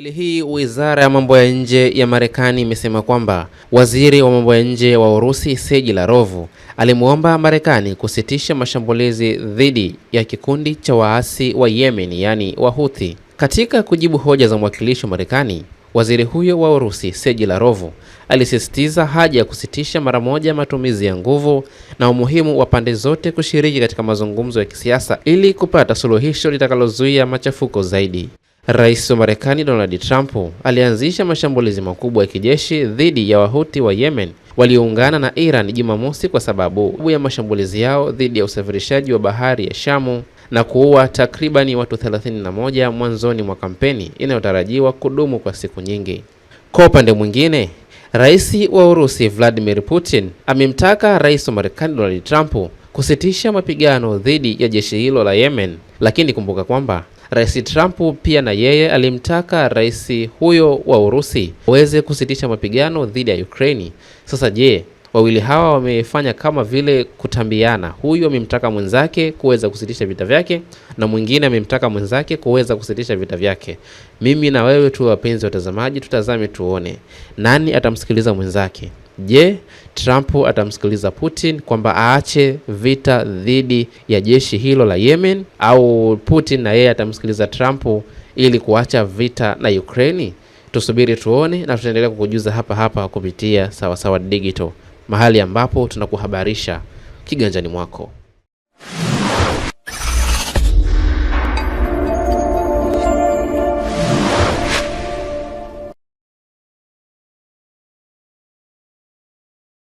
Wiki hii wizara ya mambo ya nje ya Marekani imesema kwamba waziri wa mambo ya nje wa Urusi Sergei Lavrov alimwomba Marekani kusitisha mashambulizi dhidi ya kikundi cha waasi wa Yemen, yaani Wahuthi. Katika kujibu hoja za mwakilishi wa Marekani, waziri huyo wa Urusi Sergei Lavrov alisisitiza haja ya kusitisha mara moja matumizi ya nguvu na umuhimu wa pande zote kushiriki katika mazungumzo ya kisiasa ili kupata suluhisho litakalozuia machafuko zaidi. Rais wa Marekani Donald Trump alianzisha mashambulizi makubwa ya kijeshi dhidi ya Wahuti wa Yemen walioungana na Iran Jumamosi kwa sababu ya mashambulizi yao dhidi ya usafirishaji wa bahari ya Shamu na kuua takribani watu 31 mwanzoni mwa kampeni inayotarajiwa kudumu kwa siku nyingi. Kwa upande mwingine, Rais wa Urusi Vladimir Putin amemtaka Rais wa Marekani Donald Trump kusitisha mapigano dhidi ya jeshi hilo la Yemen, lakini kumbuka kwamba Rais Trump pia na yeye alimtaka rais huyo wa Urusi aweze kusitisha mapigano dhidi ya Ukraini. Sasa je, wawili hawa wamefanya kama vile kutambiana. Huyu amemtaka mwenzake kuweza kusitisha vita vyake na mwingine amemtaka mwenzake kuweza kusitisha vita vyake. Mimi na wewe tu, wapenzi watazamaji, tutazame tuone nani atamsikiliza mwenzake. Je, Trump atamsikiliza Putin kwamba aache vita dhidi ya jeshi hilo la Yemen au Putin na yeye atamsikiliza Trump ili kuacha vita na Ukraini? Tusubiri tuone, na tutaendelea kukujuza hapa hapa kupitia Sawasawa Digital, mahali ambapo tunakuhabarisha kiganjani mwako.